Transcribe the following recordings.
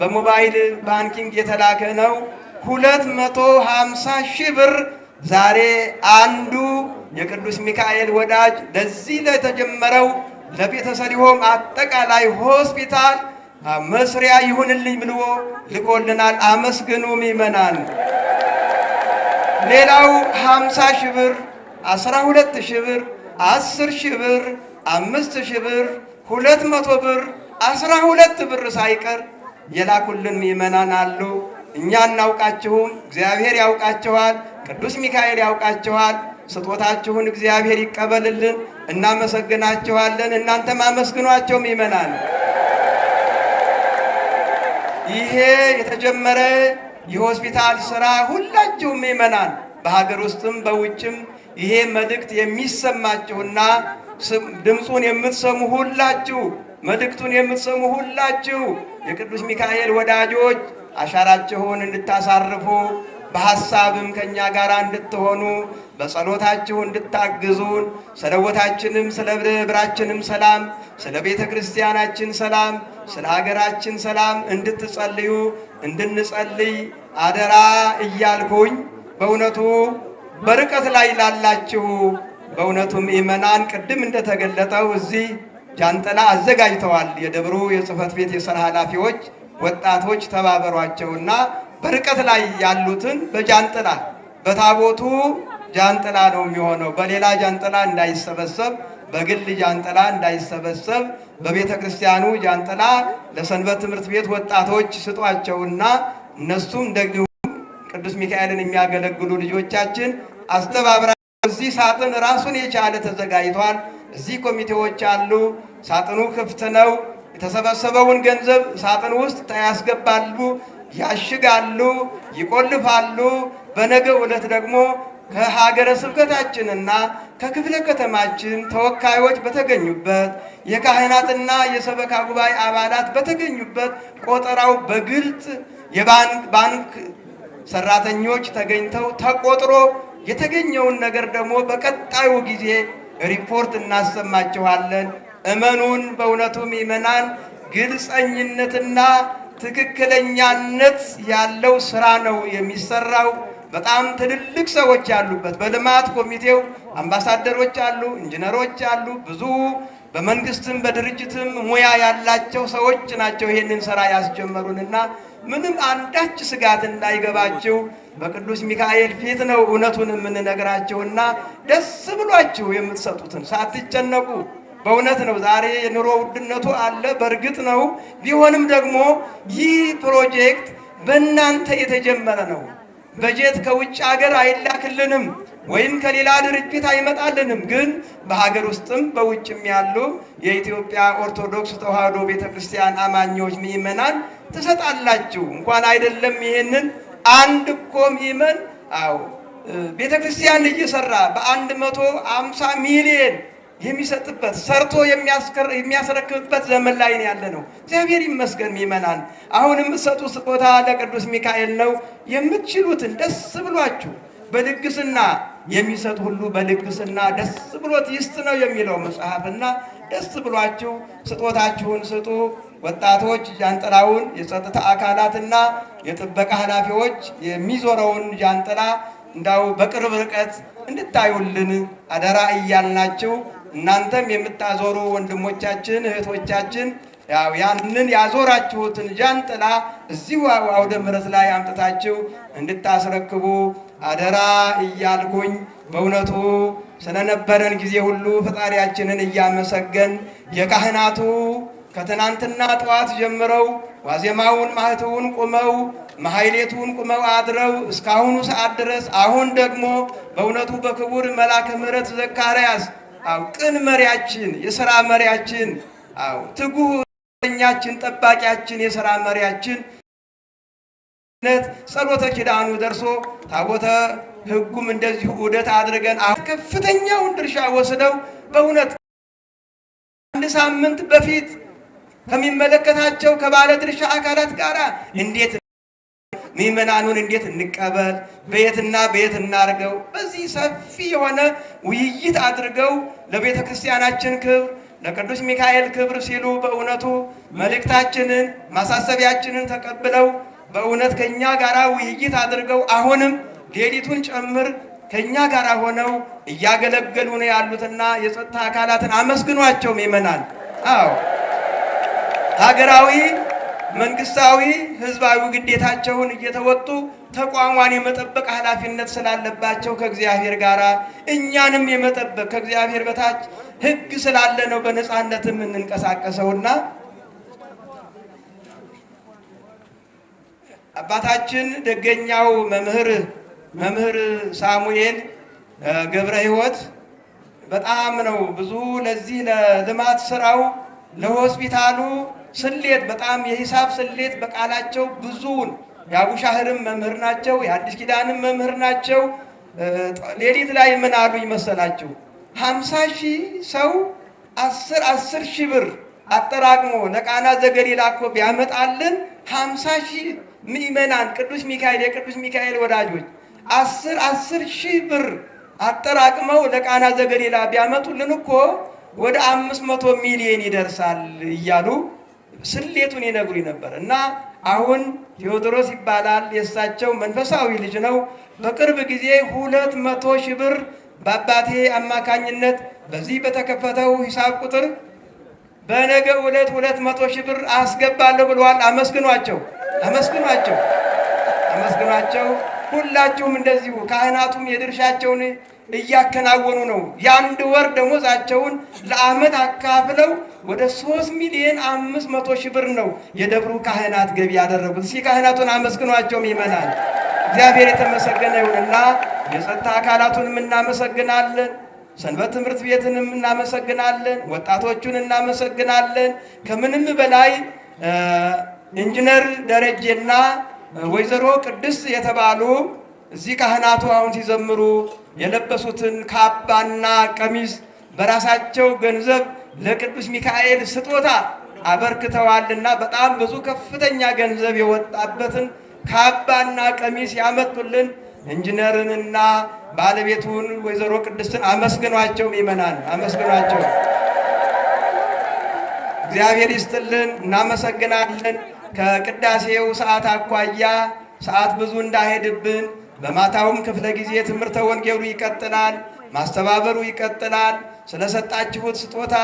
በሞባይል ባንኪንግ የተላከ ነው። ሁለት መቶ ሀምሳ ሺህ ብር ዛሬ አንዱ የቅዱስ ሚካኤል ወዳጅ ለዚህ ላይ ለተጀመረው ለቤተሰሊሆም አጠቃላይ ሆስፒታል መስሪያ ይሁንልኝ ብልዎ ልቆልናል። አመስግኑ ምእመናን። ሌላው 50 ሺህ ብር፣ 12 ሺህ ብር፣ 10 ሺህ ብር፣ 5 ሺህ ብር፣ 200 ብር፣ 12 ብር ሳይቀር የላኩልን ምእመናን አሉ። እኛ እናውቃችሁም፣ እግዚአብሔር ያውቃችኋል፣ ቅዱስ ሚካኤል ያውቃችኋል። ስጦታችሁን እግዚአብሔር ይቀበልልን። እናመሰግናችኋለን። እናንተም አመስግኗቸው ምእመናን። ይሄ የተጀመረ የሆስፒታል ስራ ሁላችሁም ምእመናን በሀገር ውስጥም በውጭም ይሄ መልእክት የሚሰማችሁና ድምፁን የምትሰሙ ሁላችሁ መልእክቱን የምትሰሙ ሁላችሁ የቅዱስ ሚካኤል ወዳጆች አሻራችሁን እንድታሳርፉ በሐሳብም ከእኛ ጋር እንድትሆኑ በጸሎታችሁ እንድታግዙን ስለ ቦታችንም ስለ ብራችንም ሰላም ስለ ቤተ ክርስቲያናችን ሰላም ስለ ሀገራችን ሰላም እንድትጸልዩ እንድንጸልይ አደራ እያልኩኝ በእውነቱ በርቀት ላይ ላላችሁ በእውነቱም ኢመናን ቅድም እንደተገለጠው እዚህ ጃንጥላ አዘጋጅተዋል። የደብሩ የጽህፈት ቤት የስራ ኃላፊዎች ወጣቶች ተባበሯቸውና በርቀት ላይ ያሉትን በጃንጥላ በታቦቱ ጃንጥላ ነው የሚሆነው። በሌላ ጃንጥላ እንዳይሰበሰብ፣ በግል ጃንጥላ እንዳይሰበሰብ፣ በቤተ ክርስቲያኑ ጃንጥላ ለሰንበት ትምህርት ቤት ወጣቶች ስጧቸውና እነሱም እንደዚሁ ቅዱስ ሚካኤልን የሚያገለግሉ ልጆቻችን አስተባብራ እዚህ ሳጥን ራሱን የቻለ ተዘጋጅቷል። እዚህ ኮሚቴዎች አሉ። ሳጥኑ ክፍት ነው። የተሰበሰበውን ገንዘብ ሳጥን ውስጥ ያስገባሉ፣ ያሽጋሉ፣ ይቆልፋሉ። በነገ ዕለት ደግሞ ከሀገረ ስብከታችንና ከክፍለ ከተማችን ተወካዮች በተገኙበት የካህናትና የሰበካ ጉባኤ አባላት በተገኙበት ቆጠራው በግልጽ የባንክ ሰራተኞች ተገኝተው ተቆጥሮ የተገኘውን ነገር ደግሞ በቀጣዩ ጊዜ ሪፖርት እናሰማችኋለን። እመኑን። በእውነቱ ምዕመናን ግልጸኝነትና ትክክለኛነት ያለው ስራ ነው የሚሰራው። በጣም ትልልቅ ሰዎች ያሉበት በልማት ኮሚቴው አምባሳደሮች አሉ፣ ኢንጂነሮች አሉ፣ ብዙ በመንግስትም በድርጅትም ሙያ ያላቸው ሰዎች ናቸው ይሄንን ስራ ያስጀመሩንና ምንም አንዳች ስጋት እንዳይገባቸው በቅዱስ ሚካኤል ፊት ነው እውነቱን የምንነግራችሁና ደስ ብሏችሁ የምትሰጡትን ሳትጨነቁ በእውነት ነው። ዛሬ የኑሮ ውድነቱ አለ፣ በእርግጥ ነው። ቢሆንም ደግሞ ይህ ፕሮጀክት በእናንተ የተጀመረ ነው። በጀት ከውጭ ሀገር አይላክልንም ወይም ከሌላ ድርጅት አይመጣልንም። ግን በሀገር ውስጥም በውጭም ያሉ የኢትዮጵያ ኦርቶዶክስ ተዋሕዶ ቤተክርስቲያን አማኞች ምዕመናን ትሰጣላችሁ። እንኳን አይደለም ይሄንን አንድ እኮ ምእመን አዎ ቤተ ክርስቲያን እየሰራ በአንድ መቶ አምሳ ሚሊየን የሚሰጥበት ሰርቶ የሚያስረክብበት ዘመን ላይ ያለ ነው። እግዚአብሔር ይመስገን። ምእመናን አሁን የምትሰጡት ስጦታ ለቅዱስ ሚካኤል ነው። የምትችሉትን ደስ ብሏችሁ በልግስና የሚሰጥ ሁሉ በልግስና ደስ ብሎት ይስጥ ነው የሚለው መጽሐፍና ደስ ብሏችሁ ስጦታችሁን ስጡ። ወጣቶች ጃንጥላውን የጸጥታ አካላትና የጥበቃ ኃላፊዎች የሚዞረውን ጃንጥላ እንዳው በቅርብ ርቀት እንድታዩልን አደራ እያልናችሁ እናንተም የምታዞሩ ወንድሞቻችን እህቶቻችን ያንን ያዞራችሁትን ጃንጥላ እዚሁ አውደ ምረት ላይ አምጥታችሁ እንድታስረክቡ አደራ እያልኩኝ በእውነቱ ስለነበረን ጊዜ ሁሉ ፈጣሪያችንን እያመሰገን የካህናቱ ከትናንትና ጠዋት ጀምረው ዋዜማውን ማህተውን ቁመው ማኃይሌቱን ቁመው አድረው እስካሁኑ ሰዓት ድረስ አሁን ደግሞ በእውነቱ በክቡር መልአከ ምሕረት ዘካርያስ አው ቅን መሪያችን፣ የሥራ መሪያችን፣ አው ትጉህ እረኛችን፣ ጠባቂያችን፣ የሥራ መሪያችን ነት ጸሎተ ኪዳኑ ደርሶ ታቦተ ሕጉም እንደዚሁ ውደት አድርገን አሁን ከፍተኛውን ድርሻ ወስደው በእውነት አንድ ሳምንት በፊት ከሚመለከታቸው ከባለ ድርሻ አካላት ጋር እንዴት ምዕመናኑን እንዴት እንቀበል፣ በየትና በየት እናድርገው፣ በዚህ ሰፊ የሆነ ውይይት አድርገው ለቤተ ክርስቲያናችን ክብር ለቅዱስ ሚካኤል ክብር ሲሉ በእውነቱ መልእክታችንን ማሳሰቢያችንን ተቀብለው በእውነት ከእኛ ጋር ውይይት አድርገው አሁንም ሌሊቱን ጭምር ከእኛ ጋር ሆነው እያገለገሉ ነው ያሉትና የጸጥታ አካላትን አመስግኗቸው ምዕመናን አዎ ሀገራዊ፣ መንግስታዊ፣ ህዝባዊ ግዴታቸውን እየተወጡ ተቋሟን የመጠበቅ ኃላፊነት ስላለባቸው ከእግዚአብሔር ጋር እኛንም የመጠበቅ ከእግዚአብሔር በታች ህግ ስላለ ነው በነፃነት የምንንቀሳቀሰውና አባታችን ደገኛው መምህር መምህር ሳሙኤል ገብረ ህይወት በጣም ነው ብዙ ለዚህ ለልማት ስራው ለሆስፒታሉ ስሌት በጣም የሂሳብ ስሌት በቃላቸው ብዙውን የአቡሻህርም መምህር ናቸው፣ የአዲስ ኪዳንም መምህር ናቸው። ሌሊት ላይ ምን አሉ ይመሰላችሁ? ሀምሳ ሺህ ሰው አስር አስር ሺህ ብር አጠራቅሞ ለቃና ዘገሊላ እኮ ቢያመጣልን ሀምሳ ሺህ ምእመናን ቅዱስ ሚካኤል የቅዱስ ሚካኤል ወዳጆች አስር አስር ሺህ ብር አጠራቅመው ለቃና ዘገሊላ ቢያመጡልን እኮ ወደ አምስት መቶ ሚሊዮን ይደርሳል እያሉ ስሌቱን ይነግሩ ነበር እና አሁን ቴዎድሮስ ይባላል። የእሳቸው መንፈሳዊ ልጅ ነው። በቅርብ ጊዜ ሁለት መቶ ሺህ ብር በአባቴ አማካኝነት በዚህ በተከፈተው ሂሳብ ቁጥር በነገ ዕለት ሁለት መቶ ሺህ ብር አስገባለሁ ብለዋል። አመስግኗቸው፣ አመስግኗቸው፣ አመስግኗቸው። ሁላችሁም እንደዚሁ ካህናቱም የድርሻቸውን እያከናወኑ ነው። የአንድ ወር ደሞዛቸውን ለአመት አካፍለው ወደ ሶስት ሚሊዮን አምስት መቶ ሺህ ብር ነው የደብሩ ካህናት ገቢ ያደረጉት። እስኪ ካህናቱን አመስግኗቸውም ይመናል። እግዚአብሔር የተመሰገነ ይሁንና የጸጥታ አካላቱንም እናመሰግናለን። ሰንበት ትምህርት ቤትንም እናመሰግናለን። ወጣቶቹን እናመሰግናለን። ከምንም በላይ ኢንጂነር ደረጀና ወይዘሮ ቅድስት የተባሉ እዚህ ካህናቱ አሁን ሲዘምሩ የለበሱትን ካባና ቀሚስ በራሳቸው ገንዘብ ለቅዱስ ሚካኤል ስጦታ አበርክተዋልና በጣም ብዙ ከፍተኛ ገንዘብ የወጣበትን ካባና ቀሚስ ያመጡልን ኢንጂነርንና ባለቤቱን ወይዘሮ ቅድስትን አመስግኗቸው፣ ይመናል አመስግኗቸው። እግዚአብሔር ይስጥልን፣ እናመሰግናለን። ከቅዳሴው ሰዓት አኳያ ሰዓት ብዙ እንዳይሄድብን በማታውም ክፍለ ጊዜ ትምህርተ ወንጌሉ ይቀጥላል። ማስተባበሩ ይቀጥላል። ስለሰጣችሁት ስጦታ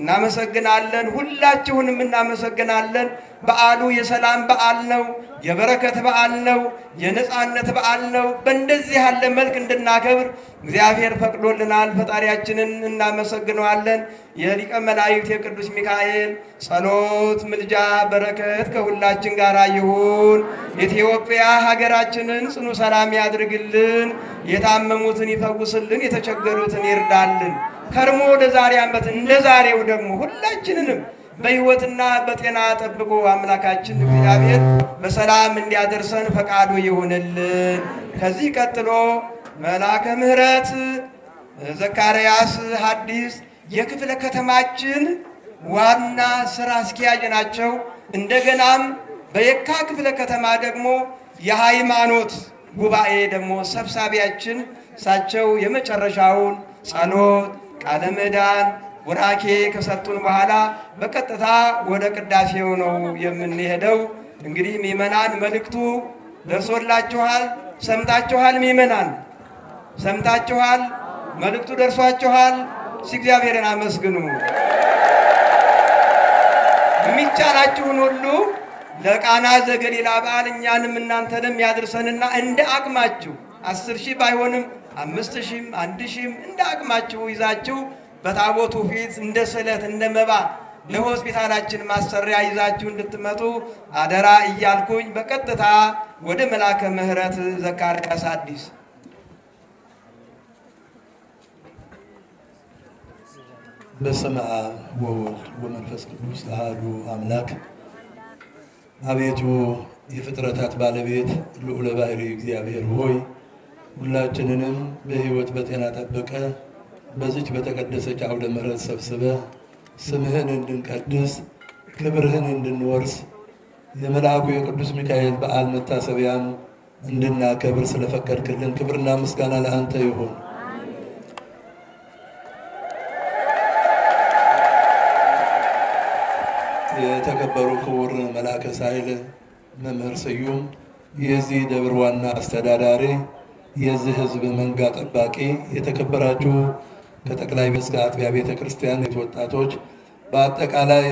እናመሰግናለን። ሁላችሁንም እናመሰግናለን። በዓሉ የሰላም በዓል ነው። የበረከት በዓል ነው። የነፃነት በዓል ነው። በእንደዚህ ያለ መልክ እንድናከብር እግዚአብሔር ፈቅዶልናል። ፈጣሪያችንን እናመሰግነዋለን። የሊቀ መላእክት የቅዱስ ሚካኤል ጸሎት፣ ምልጃ፣ በረከት ከሁላችን ጋር ይሁን። ኢትዮጵያ ሀገራችንን ጽኑ ሰላም ያድርግልን። የታመሙትን ይፈውስልን፣ የተቸገሩትን ይርዳልን። ከርሞ ወደ ዛሬ ዓመት እንደ ዛሬው ደግሞ ሁላችንንም በሕይወትና በጤና ጠብቆ አምላካችን እግዚአብሔር በሰላም እንዲያደርሰን ፈቃዱ ይሁንልን። ከዚህ ቀጥሎ መልአከ ምሕረት ዘካርያስ ሐዲስ የክፍለ ከተማችን ዋና ስራ አስኪያጅ ናቸው። እንደገናም በየካ ክፍለ ከተማ ደግሞ የሃይማኖት ጉባኤ ደግሞ ሰብሳቢያችን እሳቸው የመጨረሻውን ጸሎት ቃለ ምዕዳን ቡራኬ ከሰጡን በኋላ በቀጥታ ወደ ቅዳሴው ነው የምንሄደው። እንግዲህ ምእመናን መልእክቱ ደርሶላችኋል። ሰምታችኋል? ምእመናን ሰምታችኋል? መልእክቱ ደርሷችኋል? ሲ እግዚአብሔርን አመስግኑ። የሚቻላችሁን ሁሉ ለቃና ዘገሊላ በዓል እኛንም እናንተንም ያድርሰንና እንደ አቅማችሁ አስር ሺህ ባይሆንም አምስት ሺህም አንድ ሺህም እንደ አቅማችሁ ይዛችሁ በታቦቱ ፊት እንደ ስዕለት እንደ መባ ለሆስፒታላችን ማሰሪያ ይዛችሁ እንድትመጡ አደራ እያልኩኝ በቀጥታ ወደ መላከ ምሕረት ዘካርያስ አዲስ በስመ አብ ወወልድ ወመንፈስ ቅዱስ አሐዱ አምላክ። አቤቱ የፍጥረታት ባለቤት ልዑለ ባሕርይ እግዚአብሔር ሆይ ሁላችንንም በህይወት በጤና ጠብቀ በዚች በተቀደሰች አውደ ምሕረት ሰብስበ ስምህን እንድንቀድስ ክብርህን እንድንወርስ የመልአኩ የቅዱስ ሚካኤል በዓል መታሰቢያም እንድናከብር ስለፈቀድክልን ክብርና ምስጋና ለአንተ ይሁን። የተከበሩ ክቡር መልአከ ሳይል መምህር ስዩም የዚህ ደብር ዋና አስተዳዳሪ የዚህ ህዝብ መንጋ ጠባቂ የተከበራችሁ ከጠቅላይ ቤተ አጥቢያ ቤተ ክርስቲያን ወጣቶች በአጠቃላይ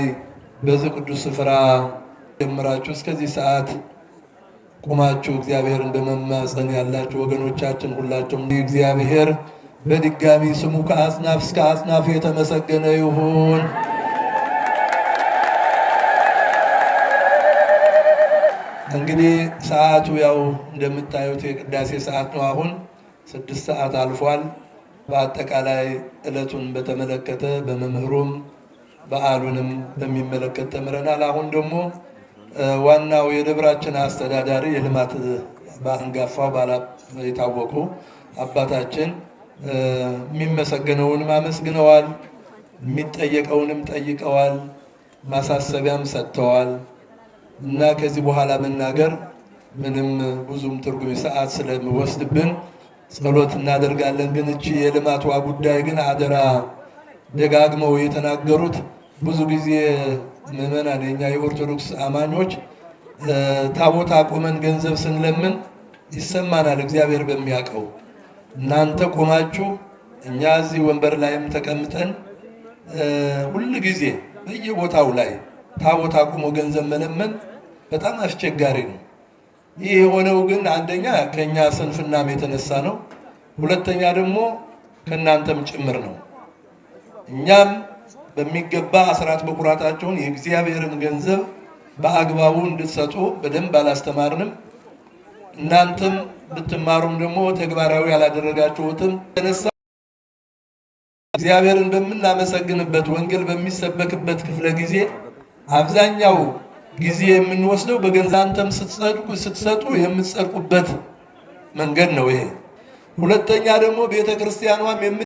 በዚህ ቅዱስ ስፍራ ጀምራችሁ እስከዚህ ሰዓት ቁማችሁ እግዚአብሔርን በመማፀን ያላችሁ ወገኖቻችን ሁላችሁም እግዚአብሔር በድጋሚ ስሙ ከአጽናፍ እስከ አጽናፍ የተመሰገነ ይሁን። እንግዲህ ሰዓቱ ያው እንደምታዩት የቅዳሴ ሰዓት ነው። አሁን ስድስት ሰዓት አልፏል። በአጠቃላይ ዕለቱን በተመለከተ በመምህሩም በዓሉንም በሚመለከት ተምረናል። አሁን ደግሞ ዋናው የደብራችን አስተዳዳሪ የልማት በአንጋፋው ባላ የታወቁ አባታችን የሚመሰገነውንም አመስግነዋል፣ የሚጠየቀውንም ጠይቀዋል፣ ማሳሰቢያም ሰጥተዋል። እና ከዚህ በኋላ መናገር ምንም ብዙም ትርጉም ሰዓት ስለሚወስድብን ጸሎት እናደርጋለን። ግን እቺ የልማቷ ጉዳይ ግን አደራ ደጋግመው የተናገሩት ብዙ ጊዜ ምዕመናን የኛ የኦርቶዶክስ አማኞች ታቦት አቁመን ገንዘብ ስንለምን ይሰማናል። እግዚአብሔር በሚያውቀው እናንተ ቆማችሁ እኛ እዚህ ወንበር ላይም ተቀምጠን ሁል ጊዜ በየቦታው ላይ ታቦት አቁሞ ገንዘብ መለመን በጣም አስቸጋሪ ነው። ይህ የሆነው ግን አንደኛ ከእኛ ስንፍናም የተነሳ ነው። ሁለተኛ ደግሞ ከእናንተም ጭምር ነው። እኛም በሚገባ አስራት በኩራታቸውን የእግዚአብሔርን ገንዘብ በአግባቡ እንድትሰጡ በደንብ አላስተማርንም። እናንተም ብትማሩም ደግሞ ተግባራዊ ያላደረጋችሁትም ተነሳ እግዚአብሔርን በምናመሰግንበት ወንጌል በሚሰበክበት ክፍለ ጊዜ አብዛኛው ጊዜ የምንወስደው በገንዛንተም ስትጸድቁ ስትሰጡ የምትጸድቁበት መንገድ ነው ይሄ። ሁለተኛ ደግሞ ቤተ ክርስቲያኗም